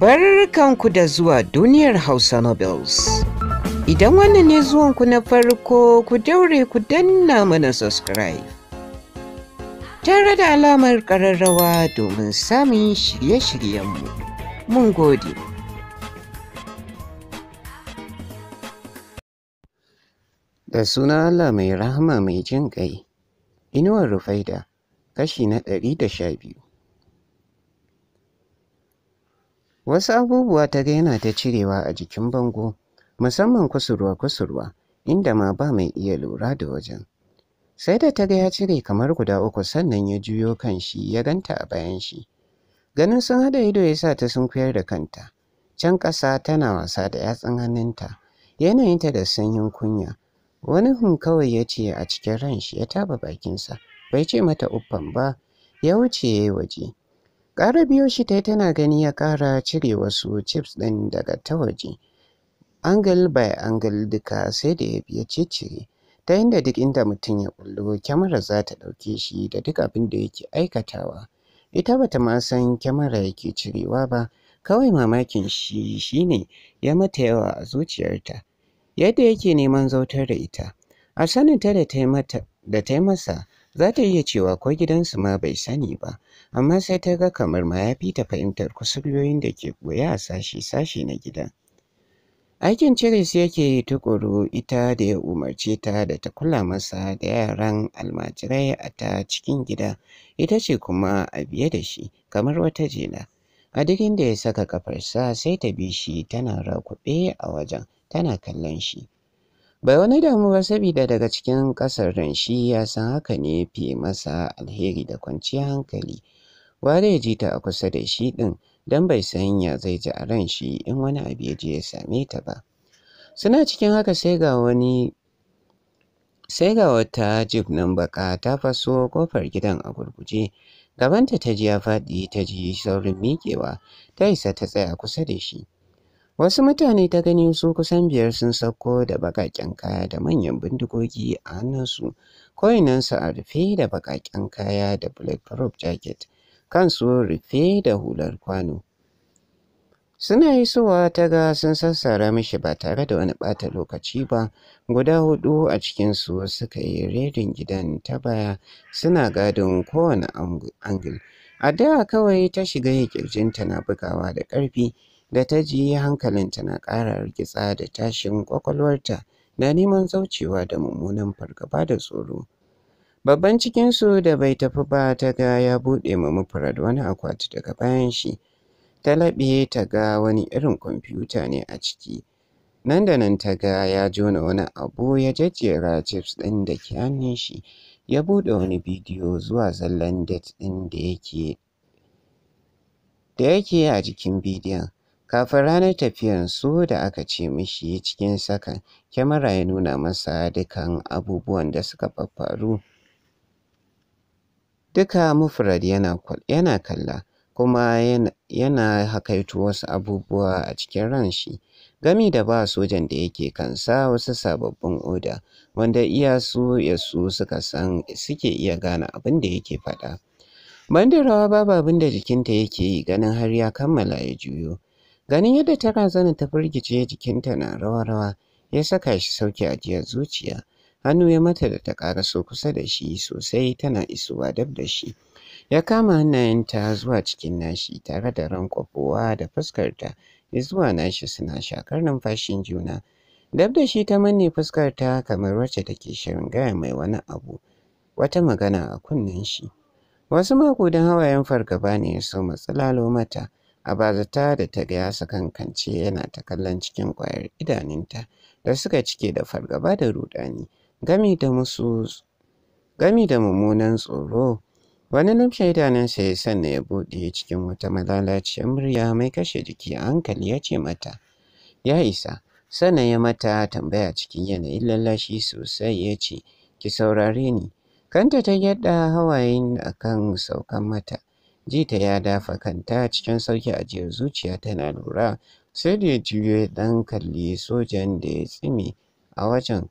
Barkanku da zuwa duniyar Hausa Nobles. Idan wannan ne zuwanku na farko ku daure ku danna mana subscribe. Tare da alamar ƙararrawa domin samun shirye-shiryenmu. Mun gode. Da suna Allah mai rahama mai jin ƙai, inuwar Rufaida, kashi na ɗari da sha biyu. Wasu abubuwa ta ga yana ta cirewa a jikin bango, musamman kusurwa-kusurwa, inda ma ba mai iya lura da wajen. Sai da ta ga ya cire kamar guda uku sannan ya juyo kan shi ya ganta a bayan shi. Ganin sun haɗa ido ya sa ta sunkuyar da kanta. Can ƙasa tana wasa da yatsun hannunta, yanayinta da sanyin kunya. Wani hun kawai ya ce a cikin ran shi ya taba bakinsa, bai ce mata uffan ba, ya wuce ya yi waje. Ƙara biyo shi ta tana gani ya ƙara cire wasu chips ɗin daga ta waje. Angle by angle duka sai da ya biya ciccire. Ta inda duk inda mutum ya kullu, kyamara za ta ɗauke shi da duk abin da yake aikatawa. Ita bata ma san kyamara yake cirewa ba, kawai mamakin shi shine ya mata yawa a zuciyarta. Yadda yake neman zautar da ita, a saninta da ta yi masa Za ta iya cewa ko gidansu ma bai sani ba, amma sai ta ga kamar ma ya fi ta fahimtar kusuryoyin da ke ɓoye a sashi-sashi na gida. Aikin cire su yake yi tukuru ita da ya umarce ta da ta kula masa da yaran almajirai a ta cikin gida, ita ce kuma a biye da shi kamar wata jela. A duk inda ya saka kafarsa sai ta bi shi tana rakuɓe a wajen tana kallon shi. bai wani damu ba saboda daga cikin ƙasar ran shi ya san haka ne fi masa alheri da kwanciyar hankali ware ya ji ta a kusa da shi ɗin dan bai san ya zai ji a ran shi in wani abu ya je ya same ta ba suna cikin haka sai ga wani sai ga wata jib nan baka ta faso kofar gidan a gurguje gabanta ta ji ya faɗi ta ji saurin miƙewa ta isa ta tsaya kusa da shi Wasu mutane ta gani su kusan biyar sun sauko da baƙaƙen kaya da manyan bindigogi a hannunsu, koinansu a rufe da baƙaƙen kaya da bulletproof jacket, kan su rufe da hular kwano. Suna yi isowa ta ga sun sassara mishi ba tare da wani ɓata lokaci ba, guda hudu a cikinsu suka yi redin gidan ta baya suna gadon kowane angul. A da kawai ta shiga yi kirjinta na bugawa da ƙarfi. da ta ji hankalinta na ƙara rikitsa da tashin ƙwaƙwalwarta na neman zaucewa da mummunan fargaba da tsoro. Babban cikinsu da bai tafi ba ta ga ya buɗe ma mufarad wani akwati daga bayan shi, ta laɓe ta ga wani irin kwamfuta ne a ciki. Nan da nan ta ga ya jona wani abu ya jejjera chips ɗin da ke hannun shi, ya buɗe wani bidiyo zuwa zallan det ɗin da yake da yake a jikin bidiyon Kafin ranar tafiyar su da aka ce mishi cikin sakan, kyamara ya nuna masa dukan abubuwan da suka faru. Duka Mufrad yana, kalla kuma yana, yana wasu abubuwa a cikin ran shi. Gami da ba sojan da yake kansa wasu sababbin oda wanda iya su ya su suka san suke iya gane abin da yake faɗa. Bandarawa babu abin da jikinta yake yi ganin har ya kammala ya juyo. Ganin yadda ta razana ta firgice jikinta na rawa-rawa ya saka shi a ajiyar zuciya. Hannu ya mata da ta so kusa da shi sosai tana isowa, dab da shi. Ya kama hannayenta zuwa cikin nashi tare da rankwafowa da fuskarta zuwa nashi suna shakar numfashin juna. Dab da shi ta manne fuskarta kamar wacce take shirin gaya mai wani abu, wata magana a kunnen shi. Wasu mako makudan hawayen fargaba ne ya so matsalalo mata. a bazata da ta ga ya sakankance yana ta kallon cikin ƙwayar idanunta da suka cike da fargaba da rudani gami da musu gami da mummunan tsoro wani lamshe idanunsa ya sanna ya buɗe cikin wata malalaciyar murya mai kashe jiki a hankali ya ce mata ya isa sannan ya mata tambaya cikin yanayin lallashi sosai ya ce ki saurare ni kanta ta yadda hawayen akan saukan mata Jita ya dafa kanta cikin sauki ajiyar zuciya tana lura sai da ya juyo ya ɗan kalli sojan da ya tsimi a wajen.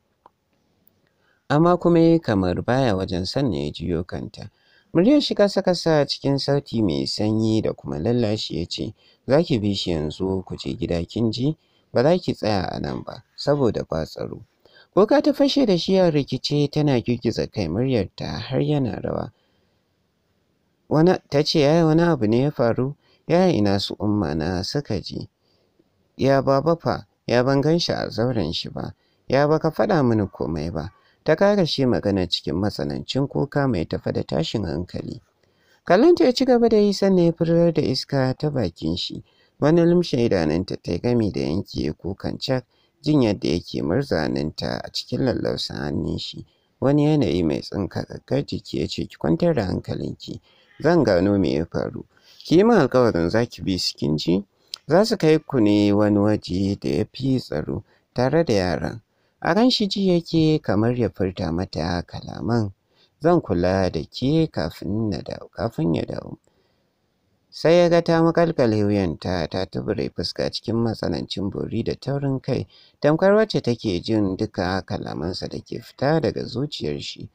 Amma kuma kamar baya wajen sannan ya juyo kanta. Muryar shi kasa-kasa cikin sauti mai sanyi da kuma lallashi ya ce, Za ki bi shi yanzu ku je gida kin ji, ba za ki tsaya a nan ba, saboda ba tsaro. Boka ta fashe da shi a rikice tana girgiza kai muryarta har yana rawa. ta ce yaya wani abu ne ya faru yaya ina su umma na suka ji ya baba fa ya ban ganshi a zauren shi ba ya baka faɗa mini komai ba ta kare shi magana cikin matsanancin kuka mai tafa da tashin hankali kallonta ya ci gaba da yi sannan ya furar da iska ta bakin shi wani lumshe idanunta ta gami da yanke kukan cak jin yadda yake murzaninta a cikin lallausa hannun shi wani yanayi mai tsinka kakkar jiki ya ce ki kwantar da hankalinki zan gano me ya faru ki yi min alkawarin za ki bi su kin ji za su kai ku ne wani waje da ya fi tsaro tare da yaran a ran shi ji yake kamar ya furta mata kalaman zan kula da ke kafin ya dawo sai ya ga ta makalkale wuyanta ta tubure fuska cikin matsanancin bori da taurin kai tamkar wacce take jin duka kalamansa da ke fita daga zuciyar shi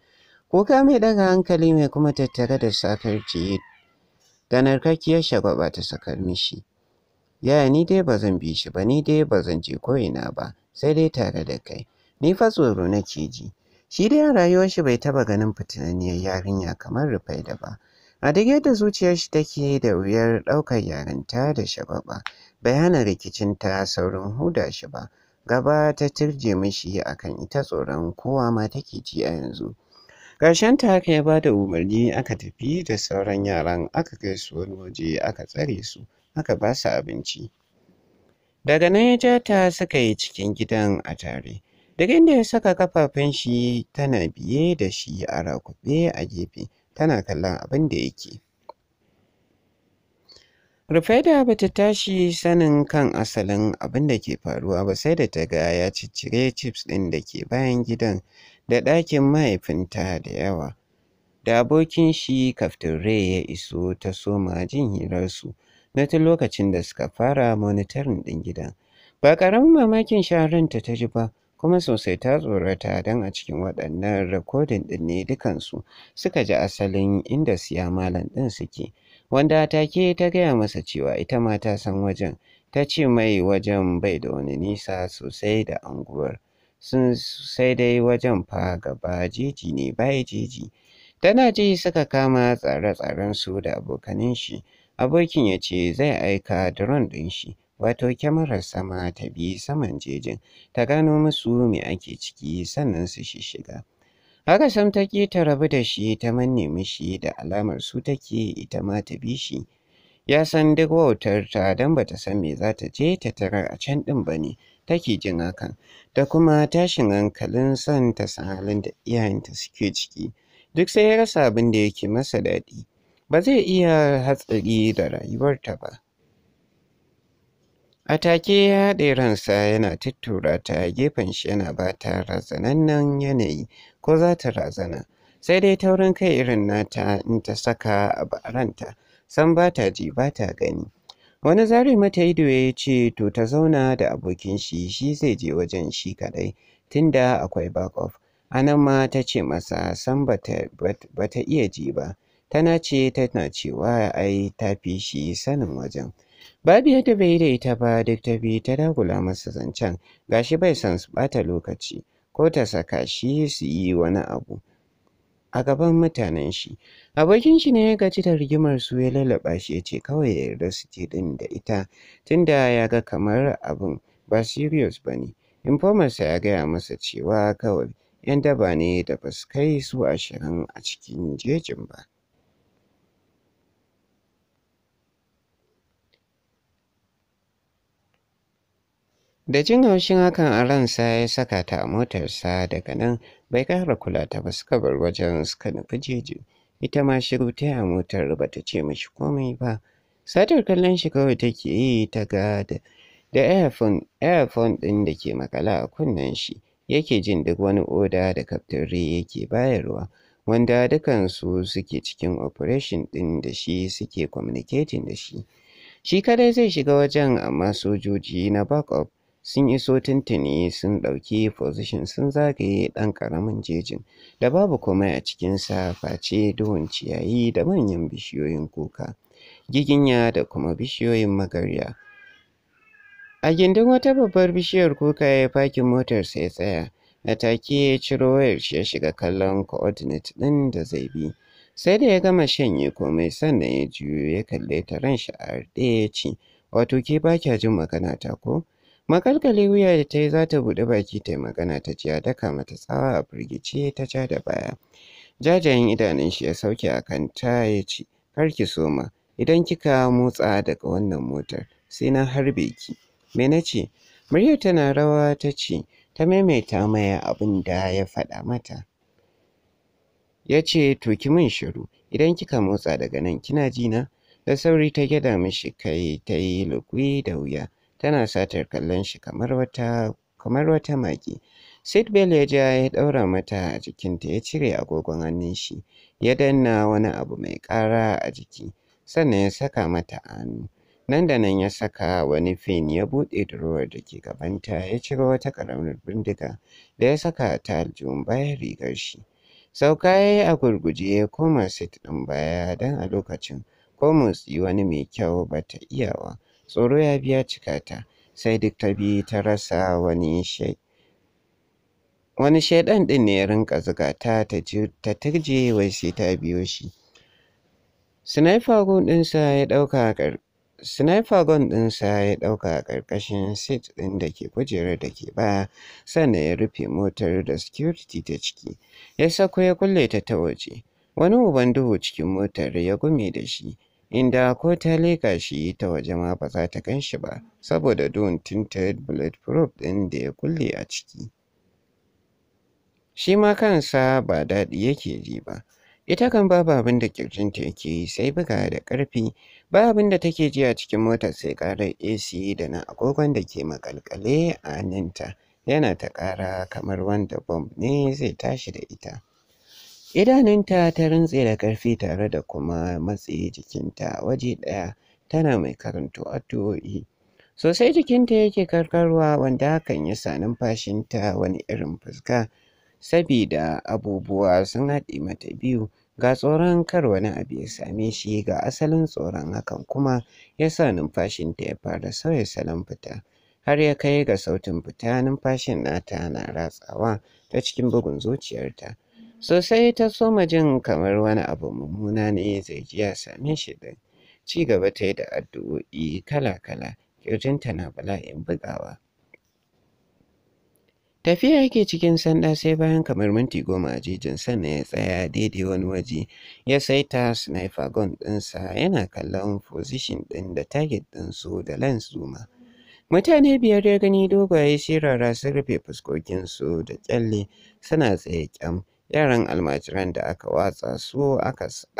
Kuka mai ɗaga hankali mai kuma tattare da jiye ganar kakkiyar shagwaba ta sakar mishi. Yaya ni dai ba zan bi shi ba, ni dai ba zan je ko'ina ba, sai dai tare da kai. Ni fa tsoro na ji. Shi dai a rayuwar shi bai taba ganin fitinaniyar yarinya kamar Rufaida ba. A duk yadda zuciyar shi take da wuyar ɗaukar yarinta da shagwaba, bai hana ta saurin huda shi ba. Gaba ta turje mishi akan ita tsoron kowa ma take ji a yanzu. ta haka ya ba da umarni aka tafi da sauran yaran aka kai su wani waje aka tsare su aka ba su abinci. Daga nan ya ja ta suka yi cikin gidan a tare. Duk inda ya saka kafafen shi tana biye da shi a rakuɓe a gefe tana kallon abin da yake. Rufaida ba ta tashi sanin kan asalin abin da ke faruwa ba sai da ta ga ya ciccire chips ɗin da ke bayan gidan da ɗakin mahaifinta da yawa. Da abokin shi Kaftin Rai ya iso ta soma jin hirarsu na tun lokacin da suka fara monitorin ɗin gidan. Ba ƙaramin mamakin shahararta ta ji ba, kuma sosai ta tsorata don a cikin waɗannan rikodin ɗin ne dukansu suka ji asalin inda siya malam ɗin suke. Wanda take ta gaya masa cewa ita ma ta san wajen, ta ce mai wajen bai da wani nisa sosai da anguwar. sun sai dai wajen fa gaba jeji ne bai jeji tana ji suka kama tsare-tsaren su da abokanin shi abokin ya ce zai aika drone ɗin shi wato kyamarar sama ta bi saman jejin ta gano musu me ake ciki sannan su shiga haka sam ta ta rabu da shi ta manne mishi da alamar su take ita ma ta bi shi ya san duk wautar ta don bata san me za ta je ta tarar a can ɗin ba ne take jin hakan da kuma tashin hankalin son ta san halin da iyayenta suke ciki duk sai ya rasa abin da yake masa daɗi ba zai iya hatsari da rayuwarta ba a take ya haɗe ransa yana tuttura ta gefen shi yana ba ta razanannen yanayi ko za ta razana sai dai taurin kai irin nata in ta saka a baranta san ba ta ji ba ta gani wani zare mata ido ya ce to ta zauna da abokin shi shi zai je wajen shi kadai, tunda akwai off anan ma ta ce masa san ba ta iya ji ba tana ce tana cewa ai ta fi shi sanin wajen babu yadda bai da ita ba duk ta bi ta dagula masa zancen gashi bai san su bata lokaci ko ta saka shi su yi wani abu a gaban mutanen shi abokin shi ne ya gaji da rigimar su ya lalaba shi ya ce kawai ya yarda su je din da ita tunda ya ga kamar abin ba serious ba ne sa ya gaya masa cewa kawai yan daba ne da ba su kai su ashirin a cikin jejin ba Da jin haushin hakan a ransa ya saka ta a motarsa daga nan bai kara kula ta ba suka bar wajen suka nufi jeji. Ita ma shiru ta a motar ba ta ce mashi komai ba. Satar kallon shi kawai take yi ta ga da airphone ɗin da ke makala a kunnen shi yake jin duk wani oda da kaftin re yake bayarwa. wanda dukansu suke cikin operation ɗin da shi suke communicating da shi. Shi kadai zai shiga wajen amma sojoji na backup sun iso tuntuni sun ɗauki position sun zagaye ɗan ƙaramin jejin da babu komai a cikinsa face duhun ciyayi da manyan bishiyoyin kuka giginya da kuma bishiyoyin magarya a gindin wata babbar bishiyar kuka ya fakin motarsa ya tsaya na take ya ciro wayar shi ya shiga kallon coordinate ɗin da zai bi sai da ya gama shanye komai sannan ya juyo ya kalle ta ran shi a ya ce wato ke ba kya jin magana ta ko makalkali wuya da ta yi za ta buɗe baki ta yi magana ta ji ya daka mata tsawa a firgice ta ja da baya jajayen idanun shi ya sauke a kan ta ya ce kar ki soma idan kika motsa daga wannan motar sai na harbe ki me na ce muryar tana rawa ta ce ta maimaita maya abin da ya faɗa mata ya ce to ki min shiru idan kika motsa daga nan kina ji na da sauri ta gyada mishi kai ta yi lukwi da wuya tana satar kallon shi kamar wata kamar wata mage. Sidbel ya ja ya ɗaura mata a jikinta ya cire agogon hannun shi ya danna wani abu mai ƙara a jiki sannan ya saka mata hannu. Nan da nan ya saka wani fin ya buɗe durowar da ke gabanta ya cire wata ƙaramar bindiga da ya saka ta aljihun bayan rigar shi. Sauka ya yi a gurguje ya koma sit ɗin baya don a lokacin ko motsi wani mai kyau ba ta iyawa. Tsoro ya biya cikata, sai duk ta bi ta rasa wani shai. Wani shaidan ɗin ne ya rinka zuga ta ta turje wai sai ta biyo shi. Sniper gun ɗinsa ya ɗauka a ƙarƙashin sit ɗin da ke kujerar da ke baya sannan ya rufe motar da security ta ciki. Ya sako ya kulle ta ta waje. Wani uban duhu cikin motar ya gume da shi inda ko ta leƙa shi ta waje ma ba za ta gan shi ba saboda don tinted bulletproof ɗin da ya kulle a ciki. Shi ma kansa ba daɗi yake ji ba. Ita kan babu abin da ƙirjinta yake yi sai buga da ƙarfi, ba abin da take ji a cikin motar sai ƙarar AC da na agogon da ke maƙalƙale a hannunta yana ta ƙara kamar wanda bom ne zai tashi da ita. Idanunta ta rintse da ƙarfi tare da kuma matse jikinta waje ɗaya tana mai karanto a tuwo'i. Sosai jikinta yake karkarwa wanda hakan ya sa numfashinta wani irin fuska sabida abubuwa sun haɗe mata biyu ga tsoron kar wani abu ya same shi ga asalin tsoron hakan kuma ya sa numfashinta ya fara sauya salon fita. har ya kai ga sautin fita numfashin nata na ratsawa ta cikin bugun zuciyarta Sosai ta soma jin kamar wani abu mummuna ne zai ji ya same shi din. Ci gaba ta yi da addu'o'i kala-kala, ƙirjinta na bala'in bugawa. Tafiya yake cikin sanda sai bayan kamar minti goma a jejin sannan ya tsaya daidai wani waje ya sai ta sniper gun ɗinsa yana kallon position ɗin da target ɗinsu da lens zuma. Mutane biyar ya gani dogaye shirara sun rufe fuskokinsu da kyalle suna tsaye kyam Yaran almajiran da aka watsa su a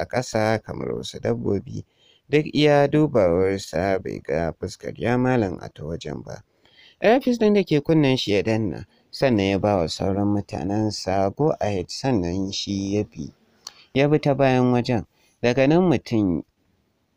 ƙasa kamar wasu dabbobi, duk iya dubawarsa bai ga fuskar ya malam a ta wajen ba. ɗaya ɗin da ke kunnen shi ya danna, sannan ya ba wa sauran mutanensa go ahead sannan shi ya bi. Ya bi ta bayan wajen, daga nan mutum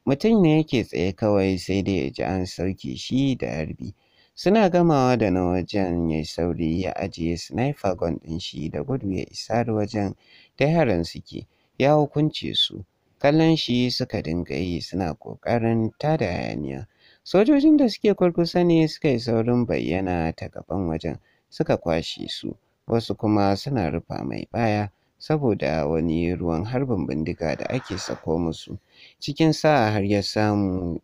mutum ne yake tsaye kawai sai dai ya ji an sauke shi da harbi Suna gamawa da na wajen ya yi sauri ya ajiye sniper gun ɗin shi da gudu ya isa da wajen da yaran suke ya hukunce su. Kallon shi suka dinga yi suna ƙoƙarin tada hayaniya. Sojojin da suke kurkusa ne suka yi saurin bayyana ta gaban wajen suka kwashe su wasu kuma suna rufa mai baya saboda wani ruwan harbin bindiga da ake sako musu. Cikin sa'a har ya samu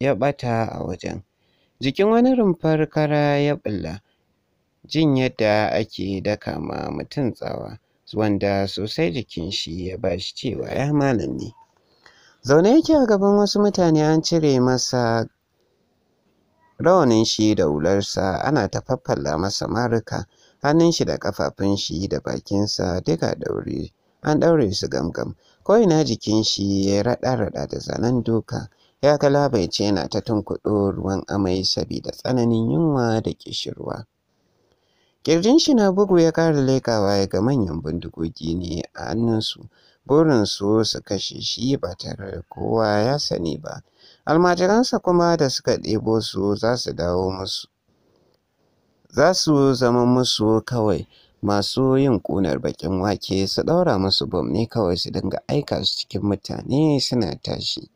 ya ɓata a wajen. jikin wani rumfar kara ya bulla jin yadda ake daka ma mutum tsawa wanda sosai jikin shi ya bashi cewa ya ne. zaune yake a gaban wasu mutane an cire masa rawanin shi da hularsa ana ta faffalla masa maruka hannun shi da kafafun shi da bakinsa duka daure an daure su gamgam ko ina jikin shi ya raɗa-raɗa da zanen duka. ya galabaice yana ta tunkuɗo ruwan amai sabida tsananin yunwa da ƙishirwa. Ƙirjin shi na bugu ya ƙara laikawa ya ga manyan bindigogi ne a hannunsu, burinsu su kashe shi ba tare da kowa ya sani ba. Almajiransa kuma da suka ɗebo su za su dawo musu. Za su zama musu kawai masu yin ƙunar baƙin wake su ɗaura musu bom ne kawai su dinga aika su cikin mutane suna tashi.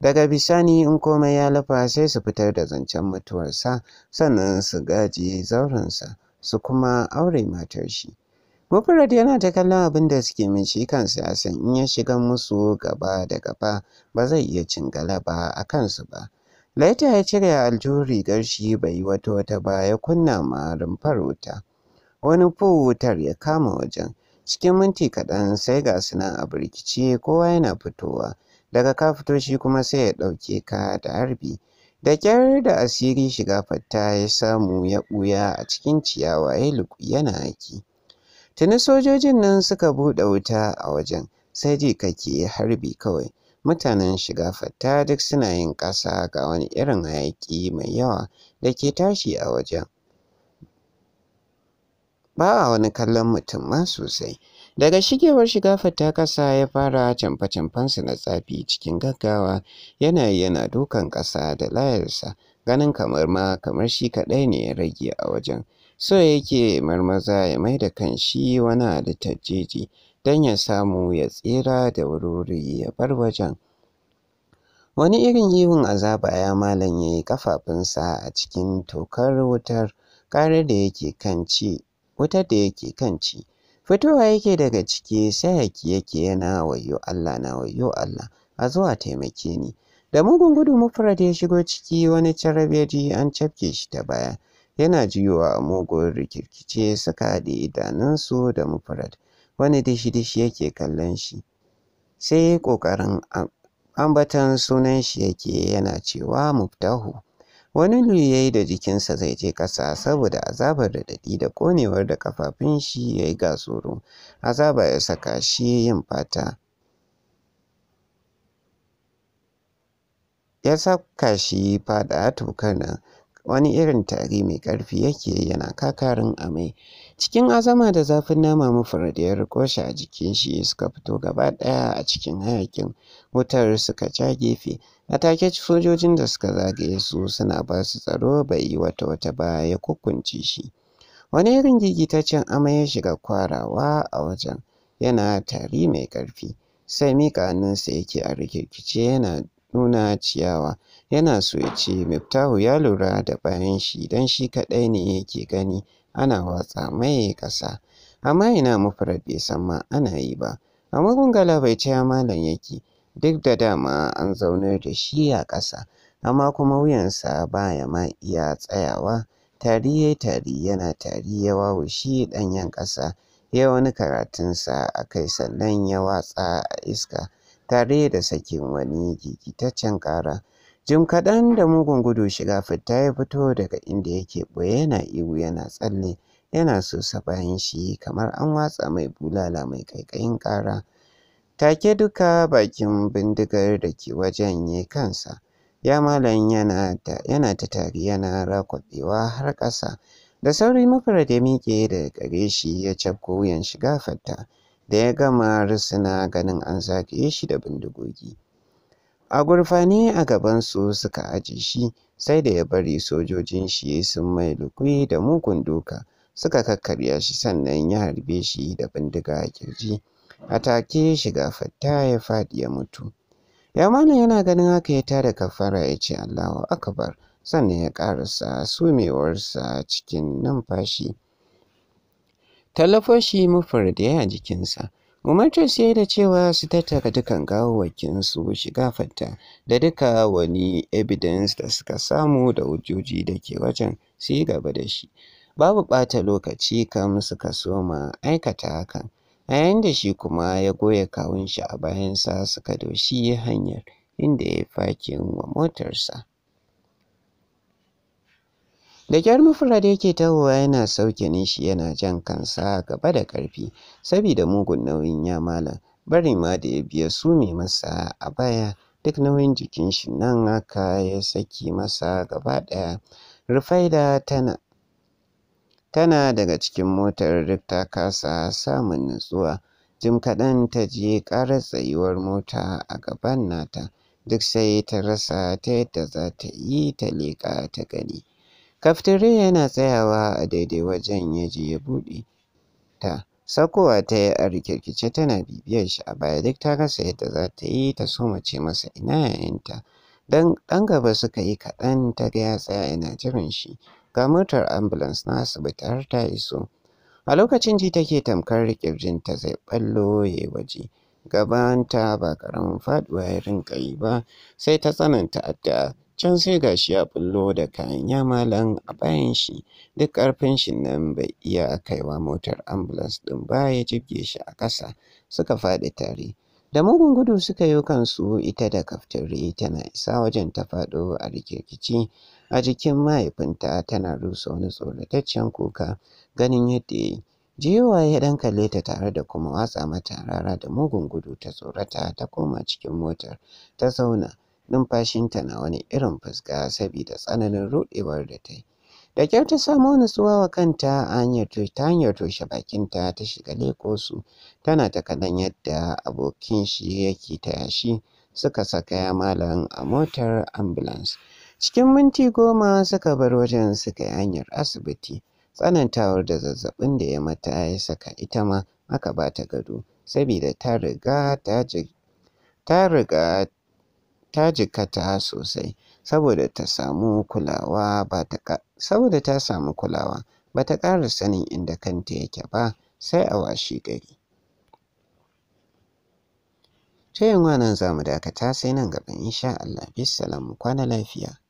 Daga bisani in komai ya lafa sai su fitar da zancen mutuwarsa sannan su gaji zaurensa su kuma aure matar shi. Mufarad yana ta kallon abin da suke min shi kan in ya shiga musu gaba da gaba ba zai iya cin galaba a kansu ba. Laita ya cire aljuhun rigar shi bai yi wata wata ba ya kunna ma rumfar wuta. Wani fu wutar ya kama wajen. Cikin minti kaɗan sai ga suna a birkice kowa yana fitowa. daga ka fito shi kuma sai ya ɗauke ka da harbi da kyar da asiri shiga fatta ya samu ya ɓuya a cikin ciyawa ya luku yana aiki tuni sojojin nan suka buɗe wuta a wajen sai ji kake harbi kawai mutanen shiga fatta duk suna yin ƙasa ga wani irin hayaƙi mai yawa da ke tashi a wajen ba wani kallon mutum ma sosai Daga shigewar shiga fata ƙasa ya fara canfa canfansa na tsafi cikin gaggawa yana yana dukan ƙasa da layarsa ganin kamar ma kamar shi kaɗai ne ya rage a wajen. So yake marmaza ya mai da kan shi wani halittar jeji don ya samu ya tsira da wuri ya bar wajen. Wani irin ihun azaba ya malanye kafafunsa a cikin tokar wutar ƙarar da yake kan wutar da yake kan ci. fitowa yake daga ciki sai yake yake yana wayo Allah na wayo Allah a zuwa taimake ni da mugun gudu mufrad ya shigo ciki wani carabeji an cafke shi ta baya yana jiyowa a mugun rikirkice suka haɗe idanunsu da mufrad wani dishi-dishi yake kallon shi sai ƙoƙarin ambatan sunan shi yake yana cewa muftahu Wani juyi ya yi da jikinsa zai je ƙasa saboda azabar raɗaɗi da ƙonewar da ƙafafun shi ya yi ga tsoro. Azaba ya saka shi yin fata. Ya saka shi fada tokar nan. wani irin tari mai ƙarfi yake yana kakarin amai cikin azama da zafin nama da ya rikoshi a jikin shi suka fito gaba ɗaya a cikin hayakin wutar suka ca gefe A take sojojin da suka zagaye su suna ba su tsaro bai yi wata wata ba ya kukunce shi. Wani irin gigitaccen amai ya shiga kwarawa a wajen yana tari mai ƙarfi sai mika hannunsa yake a rikirkice yana nuna ciyawa yana so ya ce Miftahu ya lura da bayan shi don shi kaɗai ne yake gani ana watsa mai ƙasa amma ina mafarar bai san ma ana yi ba amma gungala bai ce malam yake duk da dama an zaunar da shi a ƙasa amma kuma wuyansa ba ya ma iya tsayawa tari ya tari yana tari ya shi ɗanyen ƙasa ya wani karatunsa a kai sannan ya watsa a iska tare da sakin wani gigitaccen ƙara jim kaɗan da mugun gudu shiga fita ya fito daga inda yake ɓoye yana ihu yana tsalle yana sosa bayan shi kamar an watsa mai bulala mai ƙaiƙayin ƙara Take duka bakin bindigar da ke wajen ya kansa, ya malam yana ta tari yana rakwaɓewa har ƙasa. Da sauri mafarar da miƙe daga gare shi ya cafko wuyan shiga fatta, da ya gama risina ganin an zagaye shi da bindigogi. A gurfane a gabansu suka aji shi sai da ya bari sojojin shi sun mai lukui da mugun duka suka kakkarya shi sannan ya harbe shi da bindiga a kirji. a take shiga fatta ya faɗi ya mutu ya mana yana ganin haka ya tada kafara ya ce allahu akbar sannan ya ƙarasa sumewarsa cikin numfashi tallafashi mafarda a jikinsa umartar sai da cewa su tattaka dukan su shiga fatta da duka wani evidence da suka samu da hujjoji da ke wajen su yi gaba da shi babu ɓata lokaci kam suka soma aikata hakan a yayin da shi kuma ya goya kawunshi a bayansa suka doshi hanyar inda ya fakin wa motarsa. Da kyar da yake tahowa yana sauke ne shi yana jan kansa gaba da ƙarfi saboda mugun nauyin ya malam bari ma da ya biya su mai masa a baya duk nauyin jikin shi nan aka ya saki masa gaba ɗaya. Rufaida tana Tana daga cikin motar duk ta kasa samun nutsuwa. Jim kaɗan ta je ƙarar tsayuwar mota a gaban nata, duk sai ta rasa ta yadda za ta yi ta leƙa ta gani. Kaftire yana tsayawa a daidai wajen ya je ya buɗe ta. Sakowa ta yi a rikirkice tana bibiyar shi a baya duk ta rasa yadda za ta yi ta so ce masa ina yayanta. Dan ɗan gaba suka yi kaɗan ta ga ya tsaya yana jiran shi. ga motar ambulance na asibiti har ta iso a lokacin ji take tamkar ta zai ballo ya waje gabanta ba karamin faɗuwa ya rinka yi ba sai ta tsananta adda can sai shi ya bullo da kayan yamalan a bayan shi duk ƙarfin shi nan bai iya kaiwa motar ambulance ɗin ba ya jibge shi a ƙasa suka faɗi tare da mugun gudu suka yi kansu ita da kaftare tana isa wajen ta faɗo a rikirkici a jikin mahaifinta tana rusa wani tsoratacciyar kuka ganin yadda ya yi. Jiwa ya ɗan kalle ta tare da kuma watsa mata rara da mugun gudu ta tsorata ta koma cikin motar ta zauna numfashinta na wani irin fuska saboda tsananin ruɗewar da ta yi. Da kyar ta samo nutsuwa wa kanta hanyar ta hanyar toshe bakinta ta shiga lekosu tana ta kalan yadda abokin shi yake taya shi suka saka ya malam a motar ambulance. Cikin minti goma suka bar wajen suka yi hanyar asibiti. Tsanantawar da zazzabin da ya mata ya saka ita ma aka ba ta gado, saboda ta riga ta sosai saboda ta samu kulawa ba ta saboda ƙara sanin inda kanta yake ba sai a washe gari. Ta yin wannan za mu dakata sai nan gaba insha Allah. Bisalamu kwana lafiya.